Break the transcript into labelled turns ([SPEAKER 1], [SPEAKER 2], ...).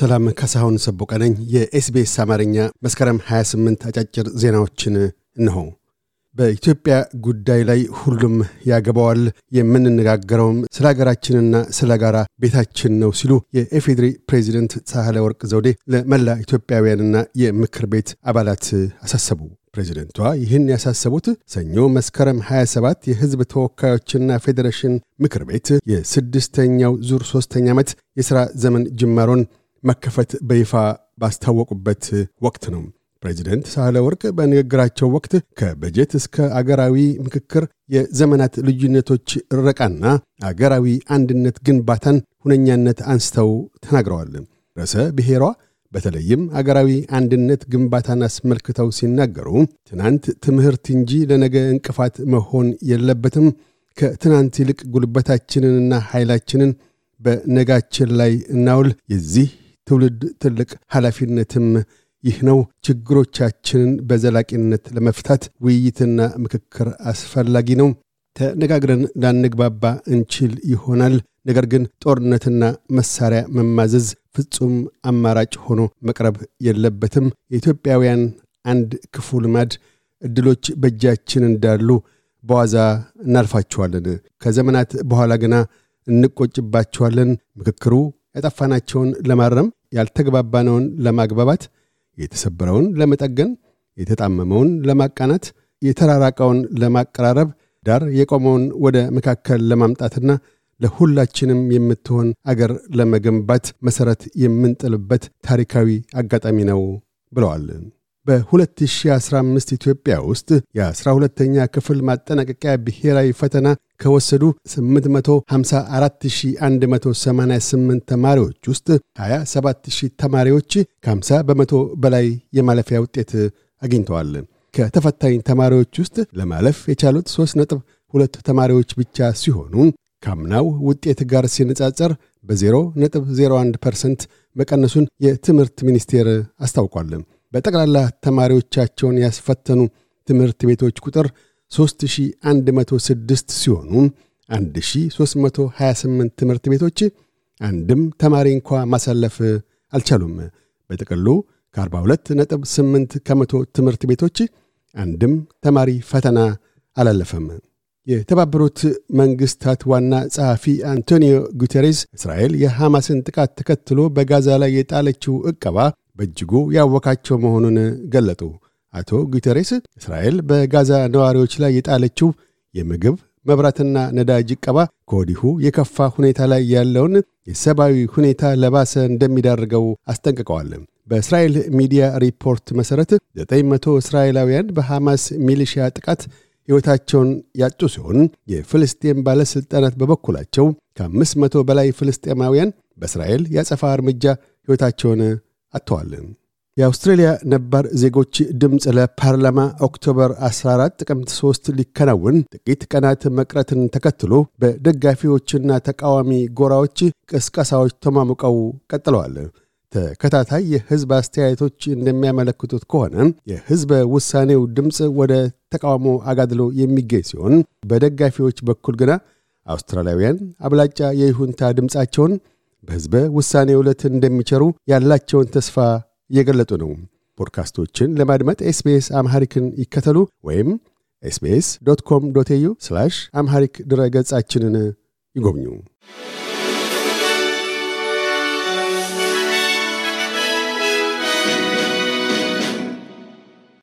[SPEAKER 1] ሰላም ከሳሁን ሰቦቀ ነኝ። የኤስቢኤስ አማርኛ መስከረም 28 አጫጭር ዜናዎችን እንሆ በኢትዮጵያ ጉዳይ ላይ ሁሉም ያገባዋል፣ የምንነጋገረውም ስለ ሀገራችንና ስለ ጋራ ቤታችን ነው ሲሉ የኤፌድሪ ፕሬዚደንት ሳህለ ወርቅ ዘውዴ ለመላ ኢትዮጵያውያንና የምክር ቤት አባላት አሳሰቡ። ፕሬዚደንቷ ይህን ያሳሰቡት ሰኞ መስከረም 27 የህዝብ ተወካዮችና ፌዴሬሽን ምክር ቤት የስድስተኛው ዙር ሶስተኛ ዓመት የሥራ ዘመን ጅማሮን መከፈት በይፋ ባስታወቁበት ወቅት ነው። ፕሬዚደንት ሳህለ ወርቅ በንግግራቸው ወቅት ከበጀት እስከ አገራዊ ምክክር የዘመናት ልዩነቶች ረቃና አገራዊ አንድነት ግንባታን ሁነኛነት አንስተው ተናግረዋል። ርዕሰ ብሔሯ በተለይም አገራዊ አንድነት ግንባታን አስመልክተው ሲናገሩ ትናንት ትምህርት እንጂ ለነገ እንቅፋት መሆን የለበትም። ከትናንት ይልቅ ጉልበታችንንና ኃይላችንን በነጋችን ላይ እናውል። የዚህ ትውልድ ትልቅ ኃላፊነትም ይህ ነው። ችግሮቻችንን በዘላቂነት ለመፍታት ውይይትና ምክክር አስፈላጊ ነው። ተነጋግረን ላንግባባ እንችል ይሆናል። ነገር ግን ጦርነትና መሳሪያ መማዘዝ ፍጹም አማራጭ ሆኖ መቅረብ የለበትም። የኢትዮጵያውያን አንድ ክፉ ልማድ እድሎች በእጃችን እንዳሉ በዋዛ እናልፋቸዋለን። ከዘመናት በኋላ ግና እንቆጭባቸዋለን። ምክክሩ ያጠፋናቸውን ለማረም፣ ያልተግባባነውን ለማግባባት፣ የተሰበረውን ለመጠገን፣ የተጣመመውን ለማቃናት፣ የተራራቀውን ለማቀራረብ፣ ዳር የቆመውን ወደ መካከል ለማምጣትና ለሁላችንም የምትሆን አገር ለመገንባት መሠረት የምንጥልበት ታሪካዊ አጋጣሚ ነው ብለዋል። በ2015 ኢትዮጵያ ውስጥ የ12ተኛ ክፍል ማጠናቀቂያ ብሔራዊ ፈተና ከወሰዱ 854188 ተማሪዎች ውስጥ 27000 ተማሪዎች ከ50 በመቶ በላይ የማለፊያ ውጤት አግኝተዋል። ከተፈታኝ ተማሪዎች ውስጥ ለማለፍ የቻሉት 3 ነጥብ ሁለት ተማሪዎች ብቻ ሲሆኑ ካምናው ውጤት ጋር ሲነጻጸር በ0.01 ፐርሰንት መቀነሱን የትምህርት ሚኒስቴር አስታውቋል። በጠቅላላ ተማሪዎቻቸውን ያስፈተኑ ትምህርት ቤቶች ቁጥር 3106 ሲሆኑ 1328 ትምህርት ቤቶች አንድም ተማሪ እንኳ ማሳለፍ አልቻሉም። በጥቅሉ ከ42.8 ከመቶ ትምህርት ቤቶች አንድም ተማሪ ፈተና አላለፈም። የተባበሩት መንግስታት ዋና ጸሐፊ አንቶኒዮ ጉተሬስ እስራኤል የሐማስን ጥቃት ተከትሎ በጋዛ ላይ የጣለችው ዕቀባ በእጅጉ ያወካቸው መሆኑን ገለጡ። አቶ ጉተሬስ እስራኤል በጋዛ ነዋሪዎች ላይ የጣለችው የምግብ መብራትና ነዳጅ ቀባ ከወዲሁ የከፋ ሁኔታ ላይ ያለውን የሰብአዊ ሁኔታ ለባሰ እንደሚዳርገው አስጠንቅቀዋል። በእስራኤል ሚዲያ ሪፖርት መሠረት 900 እስራኤላውያን በሐማስ ሚሊሺያ ጥቃት ሕይወታቸውን ያጡ ሲሆን የፍልስጤም ባለሥልጣናት በበኩላቸው ከአምስት መቶ በላይ ፍልስጤማውያን በእስራኤል ያጸፋ እርምጃ ሕይወታቸውን አጥተዋል። የአውስትሬልያ ነባር ዜጎች ድምፅ ለፓርላማ ኦክቶበር 14 ጥቅምት 3 ሊከናውን ጥቂት ቀናት መቅረትን ተከትሎ በደጋፊዎችና ተቃዋሚ ጎራዎች ቅስቀሳዎች ተሟሙቀው ቀጥለዋል። ተከታታይ የህዝብ አስተያየቶች እንደሚያመለክቱት ከሆነ የሕዝበ ውሳኔው ድምፅ ወደ ተቃውሞ አጋድሎ የሚገኝ ሲሆን፣ በደጋፊዎች በኩል ግና አውስትራሊያውያን አብላጫ የይሁንታ ድምፃቸውን በሕዝበ ውሳኔ ዕለት እንደሚቸሩ ያላቸውን ተስፋ እየገለጡ ነው። ፖድካስቶችን ለማድመጥ ኤስቤስ አምሃሪክን ይከተሉ ወይም ኤስቤስ ዶት ኮም ዶት ኤዩ አምሃሪክ ድረ ገጻችንን ይጎብኙ።